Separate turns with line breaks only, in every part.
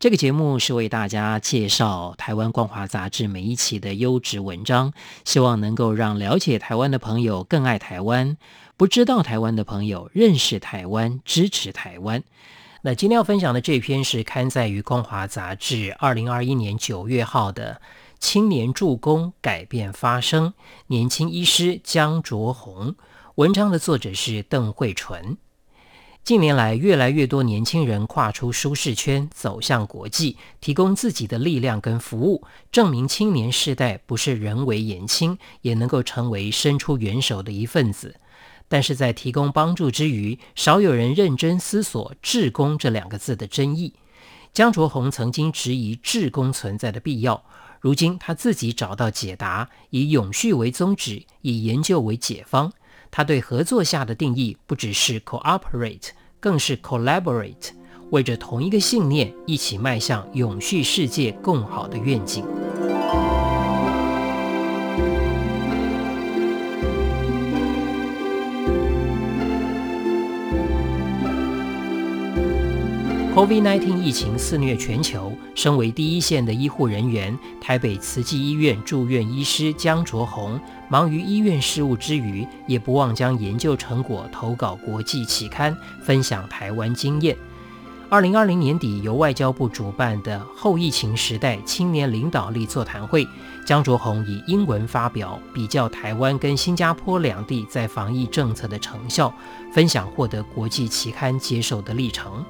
這個節目是為大家介紹台灣光華雜誌每一期的優質文章，希望能夠讓了解台灣的朋友更愛台灣，不知道台灣的朋友認識台灣，支持台灣。那今天要分享的這篇是刊載於光華雜誌二零二一年九月號的《青年助攻，改變發生》，年輕醫師江卓紅，文章的作者是鄧慧純。近年來，越來越多年輕人跨出舒適圈，走向國際，提供自己的力量跟服務，證明青年世代不是人微言輕，也能夠成為伸出援手的一份子。但是在提供幫助之餘，少有人認真思索“志工”這兩個字的真意。江卓宏曾經質疑志工存在的必要，如今他自己找到解答：以永續為宗旨，以研究為解方。他對合作下的定義不只是 cooperate，更是 collaborate，為着同一個信念，一起邁向永續世界更好的願景。COVID-19 疫情肆虐全球，身為第一線的醫護人員，台北慈濟醫院住院醫師江卓宏。忙於醫院事務之餘，也不忘將研究成果投稿國際期刊，分享台灣經驗。二零二零年底，由外交部主辦的“後疫情時代青年領導力座談會”，江卓宏以英文發表，比較台灣跟新加坡兩地在防疫政策的成效，分享獲得國際期刊接受的歷程。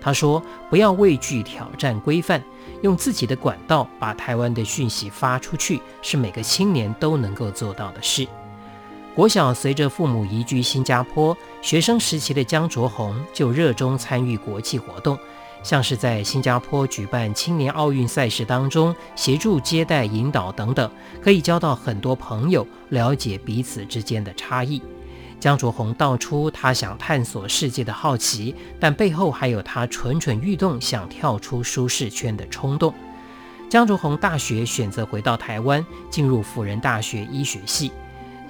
他說：“不要畏懼挑戰規範，用自己的管道把台灣的訊息發出去，是每個青年都能夠做到的事。”國小隨着父母移居新加坡，學生時期的江卓宏就熱衷參與國際活動，像是在新加坡舉辦青年奧運賽事當中協助接待、引導等等，可以交到很多朋友，了解彼此之間的差異。江卓宏道出他想探索世界的好奇，但背後還有他蠢蠢欲動想跳出舒適圈的衝動。江卓宏大學選擇回到台灣，進入輔仁大學醫學系。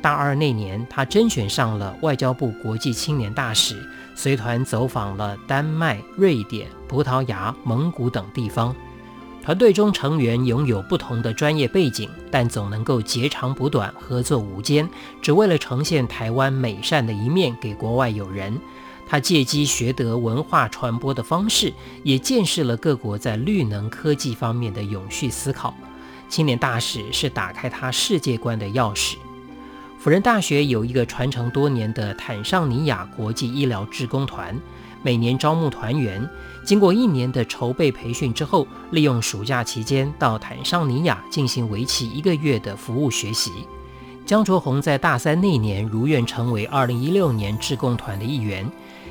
大二那年，他甄選上了外交部國際青年大使，隨團走訪了丹麥、瑞典、葡萄牙、蒙古等地方。團隊中成員擁有不同的專業背景，但總能夠截長補短，合作無間，只為了呈現台灣美善的一面給國外友人。他借機學得文化傳播的方式，也見識了各國在綠能科技方面的永續思考。青年大使是打開他世界觀的鑰匙。輔仁大學有一個傳承多年的坦尚尼亞國際醫療志工團。每年招募團員，經過一年的籌備培訓之後，利用暑假期間到坦桑尼亞進行為期一個月的服務學習。江卓宏在大三那一年如願成為2016年志工團的一員。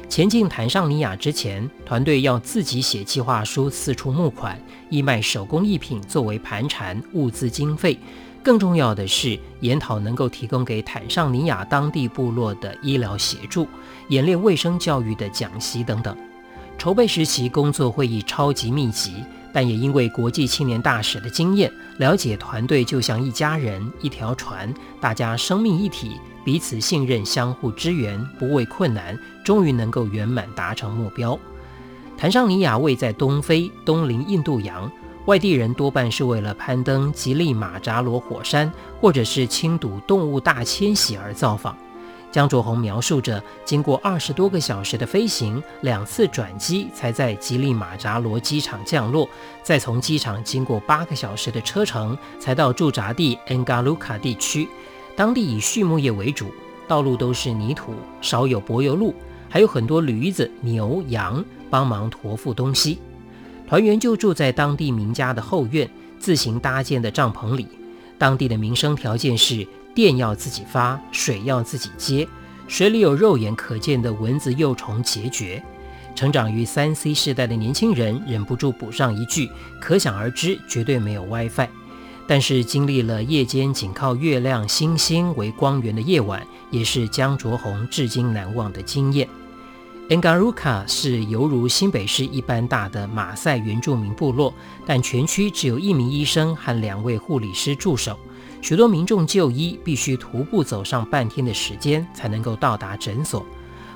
前進坦桑尼亞之前，團隊要自己寫計劃書，四處募款，義賣手工藝品作為盤纏、物資經費。更重要的是，研討能夠提供給坦尚尼亞當地部落的醫療協助、演練衛生教育的講習等等。籌備時期工作會議超級密集，但也因為國際青年大使的經驗，了解團隊就像一家人、一條船，大家生命一體，彼此信任，相互支援，不畏困難，終於能夠圓滿達成目標。坦尚尼亞位在東非，東臨印度洋。外地人多半是為了攀登吉力馬扎羅火山，或者是親睹動物大遷徙而造訪。江卓宏描述着，經過二十多個小時的飛行，兩次轉機才在吉力馬扎羅機場降落，再從機場經過八個小時的車程，才到駐紮地恩嘎魯卡地區。當地以畜牧業為主，道路都是泥土，少有柏油路，還有很多驢子、牛羊幫忙馱負東西。團員就住在當地民家的後院自行搭建的帳篷裡，當地的民生條件是電要自己發，水要自己接，水裡有肉眼可見的蚊子幼蟲孑孓。成長於三 C 世代的年輕人忍不住補上一句：可想而知，絕對沒有 WiFi。但是經歷了夜間僅靠月亮、星星為光源的夜晚，也是姜卓宏至今難忘的經驗。Engaruka 是猶如新北市一般大的馬賽原住民部落，但全區只有一名醫生和兩位護理師助手，許多民眾就醫必須徒步走上半天的時間才能夠到達診所。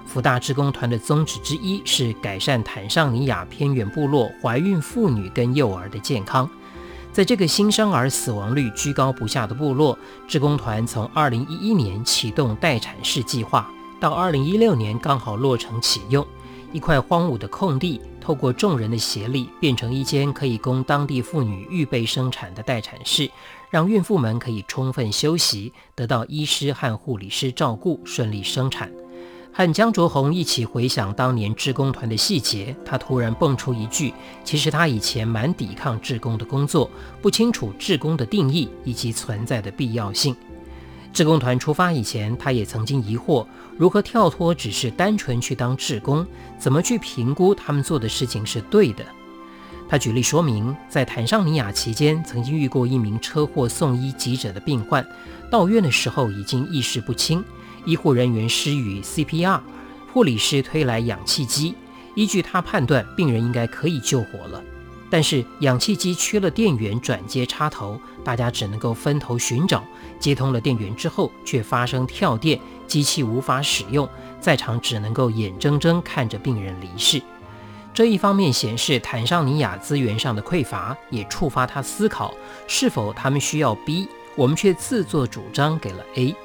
福大志工團的宗旨之一是改善坦尚尼亞偏遠部落懷孕婦女跟幼兒的健康，在這個新生兒死亡率居高不下的部落，志工團從2011年啟動待產室計劃。到二零一六年剛好落成啟用，一塊荒蕪的空地，透過眾人的協力，變成一間可以供當地婦女預備生產的待產室，讓孕婦們可以充分休息，得到醫師和護理師照顧，順利生產。和江卓宏一起回想當年志工團的細節，他突然蹦出一句：“其實他以前蠻抵抗志工的工作，不清楚志工的定義以及存在的必要性。”志工團出發以前，他也曾經疑惑如何跳脫只是單純去當志工，怎麼去評估他們做的事情是對的？他舉例說明，在坦桑尼亞期間，曾經遇過一名車禍送醫急診的病患，到院的時候已經意識不清，醫護人員施予 CPR，護理師推來氧氣機，依據他判斷病人應該可以救活了，但是氧氣機缺了電源轉接插頭，大家只能夠分頭尋找。接通了電源之後，却發生跳電，機器無法使用，在場只能夠眼睜睜看着病人離世。這一方面顯示坦尚尼亞資源上的匱乏，也觸發他思考是否他們需要 B，我們卻自作主張給了 A。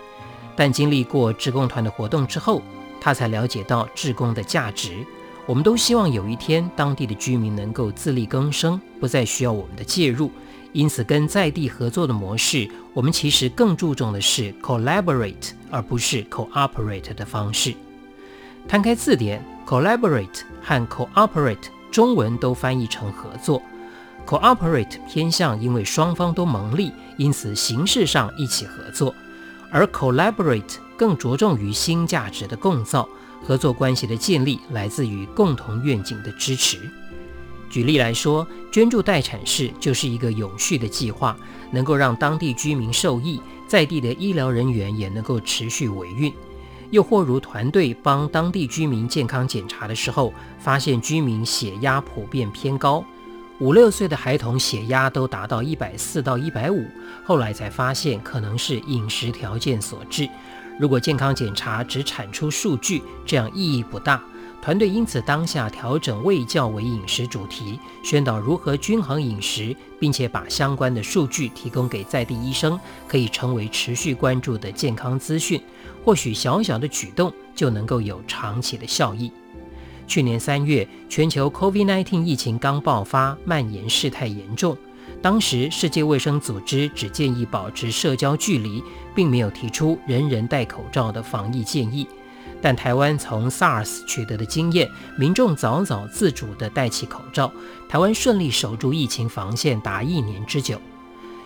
但經歷過志工團的活動之後，他才了解到志工的價值。我們都希望有一天當地的居民能夠自力更生，不再需要我們的介入。因此，跟在地合作的模式，我們其實更注重的是 collaborate 而不是 cooperate 的方式。攤開字典，collaborate 和 cooperate 中文都翻譯成合作。cooperate 偏向因為雙方都蒙利，因此形式上一起合作；而 collaborate 更着重於新價值的共造，合作關係的建立來自於共同願景的支持。舉例來說，捐助待產室就是一個永續的計劃，能夠讓當地居民受益，在地的醫療人員也能夠持續維運。又或如團隊幫當地居民健康檢查的時候，發現居民血壓普遍偏高，五六歲的孩童血壓都達到一百四到一百五，後來才發現可能是飲食條件所致。如果健康檢查只產出數據，這樣意義不大。團隊因此當下調整衛教為飲食主題，宣導如何均衡飲食，並且把相關的數據提供給在地醫生，可以成為持續關注的健康資訊。或許小小的舉動就能夠有長期的效益。去年三月，全球 COVID-19 疫情剛爆發，蔓延事態嚴重，當時世界衛生組織只建議保持社交距離，並沒有提出人人戴口罩的防疫建議。但台灣從 SARS 取得的經驗，民眾早早自主地戴起口罩，台灣順利守住疫情防線達一年之久。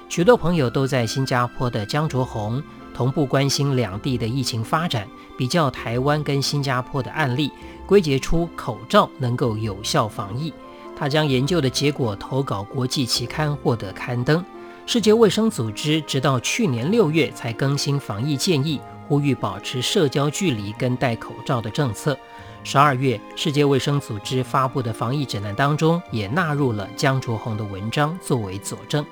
許多朋友都在新加坡的江卓宏同步關心兩地的疫情發展，比較台灣跟新加坡的案例，歸結出口罩能夠有效防疫。他將研究的結果投稿國際期刊，獲得刊登。世界衛生組織直到去年六月才更新防疫建議。呼籲保持社交距離跟戴口罩的政策。十二月，世界衛生組織發布的防疫指南當中也納入了江卓宏的文章作為佐證。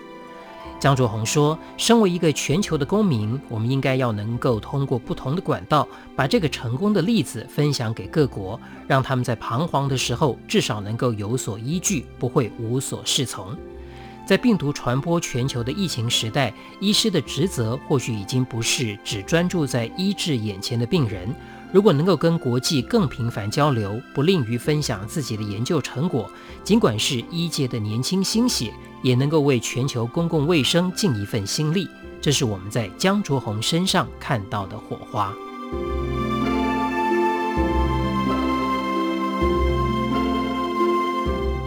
江卓宏說：“身為一個全球的公民，我們應該要能夠通過不同的管道，把這個成功的例子分享給各國，讓他們在彷徨的時候至少能夠有所依據，不會無所適從。”在病毒傳播全球的疫情時代，醫師的職責或許已經不是只專注在醫治眼前的病人。如果能夠跟國際更頻繁交流，不吝於分享自己的研究成果，儘管是醫界的年輕新血，也能夠為全球公共衛生盡一份心力。這是我們在江卓宏身上看到的火花。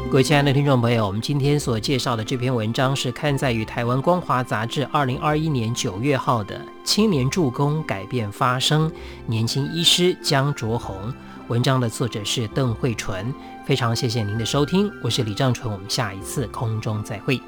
各位親愛的聽眾朋友，我們今天所介紹的這篇文章是刊載於台灣光華雜誌二零二一年九月號的《青年助攻改變發生》，年輕醫師江卓宏。文章的作者是鄧慧純。非常謝謝您的收聽，我是李正純，我們下一次空中再會。